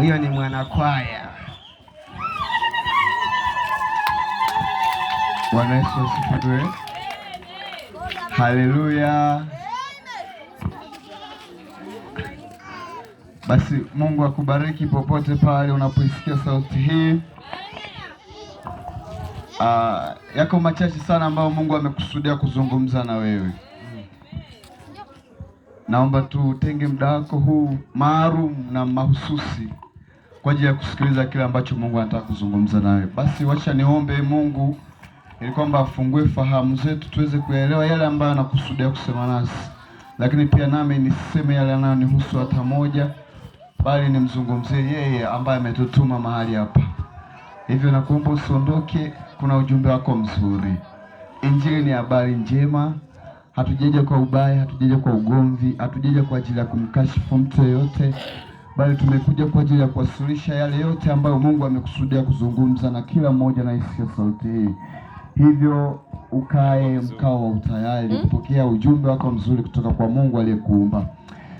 Huyo ni mwanakwaya. Bwana Yesu asifiwe. Haleluya. Basi Mungu akubariki popote pale unapoisikia sauti hii. Uh, yako machache sana ambayo Mungu amekusudia kuzungumza na wewe. Naomba tutenge muda wako huu maalum na mahususi kwa ajili ya kusikiliza kile ambacho Mungu anataka kuzungumza nawe. Basi wacha niombe Mungu ili kwamba afungue fahamu zetu tuweze kuelewa yale ambayo anakusudia kusema nasi, lakini pia nami niseme yale yanayonihusu hata moja, bali nimzungumzie yeye ambaye ametutuma mahali hapa. Hivyo nakuomba usiondoke, kuna ujumbe wako mzuri. Injili ni habari njema. Hatujaja kwa ubaya, hatujaja kwa ugomvi, hatujaja kwa ajili ya kumkashifu mtu yeyote bali tumekuja kwa ajili ya kuwasilisha yale yote ambayo Mungu amekusudia kuzungumza na kila mmoja anaisikia sauti hii. Hivyo ukae mkao wa utayari mm. kupokea ujumbe wako mzuri kutoka kwa Mungu aliyekuumba.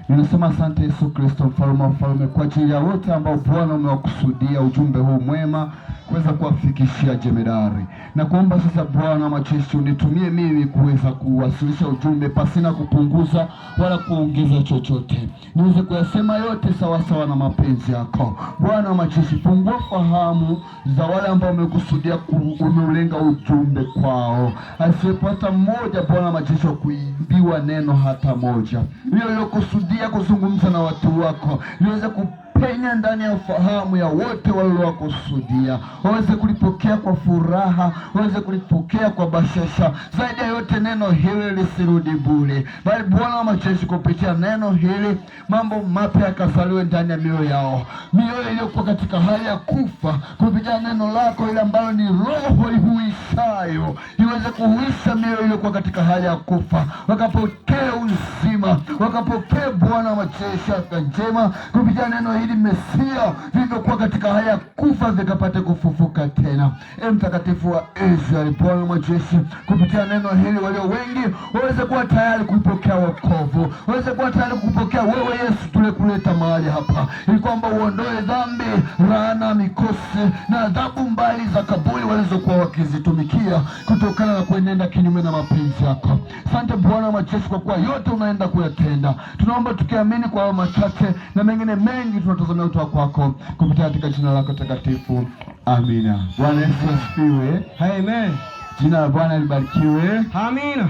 Ninasema asante Yesu Kristo, mfalme wa falme, kwa ajili ya wote ambao Bwana umewakusudia ujumbe huu mwema kuweza kuwafikishia jemedari na kuomba sasa, Bwana wa unitumie mimi kuweza kuwasilisha ujumbe pasina kupunguza wala kuongeza chochote, niweze kuyasema yote sawasawa sawa na mapenzi yako. Bwana wa majeshi, fungua fahamu za wale ambao wamekusudia, umeulenga ujumbe kwao, asiyepata mmoja, Bwana wa wa kuimbiwa neno hata moja, hiyo iliyokusudia kuzungumza na watu wako liweze ku penya ndani ya ufahamu ya wote waliokusudia, waweze kulipokea kwa furaha, waweze kulipokea kwa bashasha. Zaidi ya yote, neno hili lisirudi bure, bali Bwana wa majeshi kupitia neno hili mambo mapya yakasaliwe ndani ya mioyo yao, mioyo iliyokuwa katika hali ya kufa, kupitia neno lako ile ambalo ni roho ihuishayo, iweze kuhuisha mioyo iliyokuwa katika hali ya kufa, wakapokea uzima, wakapokea Bwana wa majeshi afya njema kupitia neno hili ili Mesia vilivyokuwa katika haya kufa vikapate kufufuka tena. E mtakatifu wa Israeli, Bwana mwajeshi, kupitia neno hili walio wengi waweze kuwa tayari kupokea wokovu, waweze kuwa tayari kupokea wewe Yesu tulekuleta mahali hapa, ili kwamba uondoe dhambi, laana, mikosi na adhabu mbali za kaburi walizokuwa wakizitumikia kutokana na kuenenda kinyume na mapenzi yako. Asante Bwana mwajeshi, kwa kuwa yote unaenda kuyatenda. Tunaomba tukiamini kwa machache na mengine mengi tuna tunaotazamia kutoka kwako kupitia katika jina lako takatifu, amina. Bwana Yesu asifiwe, amen. Jina la Bwana libarikiwe, amina.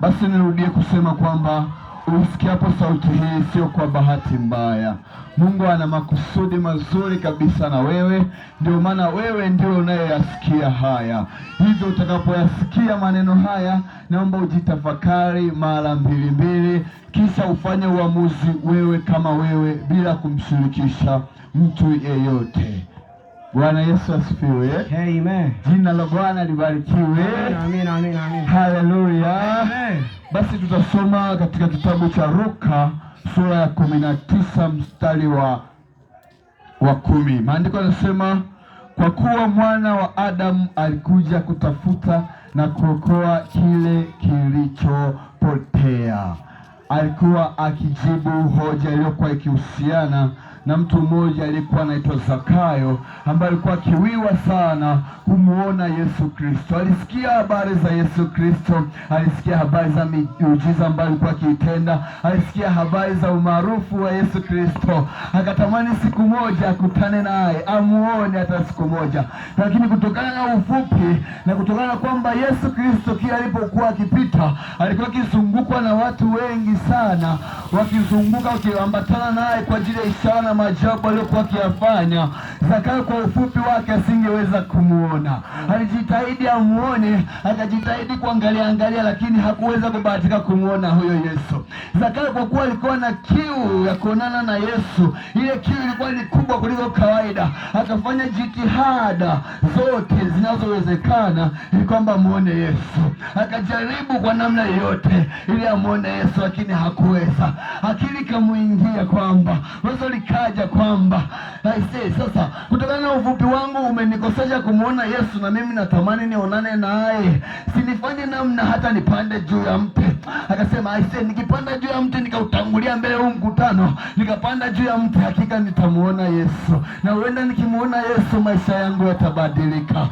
Basi nirudie kusema kwamba usikiapo sauti hii sio kwa bahati mbaya. Mungu ana makusudi mazuri kabisa na wewe, ndio maana wewe ndio unayeyasikia haya. Hivyo utakapoyasikia maneno haya, naomba ujitafakari mara mbili mbili ufanye uamuzi wewe kama wewe, bila kumshirikisha mtu yeyote. Bwana Yesu asifiwe. Amen. Jina la Bwana libarikiwe. Amen, amen, amen. Haleluya. Amen. Basi tutasoma katika kitabu cha Luka sura ya kumi na tisa mstari wa, wa kumi. Maandiko yanasema kwa kuwa mwana wa Adamu alikuja kutafuta na kuokoa kile kilichopotea alikuwa akijibu hoja iliyokuwa ikihusiana na mtu mmoja alikuwa anaitwa Zakayo ambaye alikuwa akiwiwa sana kumuona Yesu Kristo. Alisikia habari za Yesu Kristo, alisikia habari za miujiza ambayo alikuwa akiitenda, alisikia habari za umaarufu wa Yesu Kristo, akatamani siku moja akutane naye, amuone hata siku moja, lakini kutokana na ufupi na kutokana na kwamba Yesu Kristo kila alipokuwa akipita alikuwa akizungukwa na watu wengi sana, wakizunguka wakiambatana naye kwa ajili ya ishara maajabu aliyokuwa akiyafanya. Zakayo kwa ufupi wake asingeweza kumuona, alijitahidi amuone, akajitahidi kuangalia angalia, lakini hakuweza kubahatika kumuona huyo Yesu. Zakayo kwa kuwa alikuwa na kiu ya kuonana na Yesu, ile kiu ilikuwa ni kubwa kuliko kawaida, akafanya jitihada zote zinazowezekana ili kwamba amuone Yesu, akajaribu kwa namna yoyote ili amuone Yesu, lakini hakuweza. Akili ikamuingia kwamba wazo haja kwamba aisee, sasa kutokana na uvupi wangu umenikosesha kumwona Yesu, na mimi natamani nionane naye, sinifanye namna hata nipande juu ya mti. Akasema aisee, nikipanda juu ya mti nikautangulia mbele huu mkutano, nikapanda juu ya mti, hakika nitamuona Yesu, na huenda nikimuona Yesu maisha yangu yatabadilika.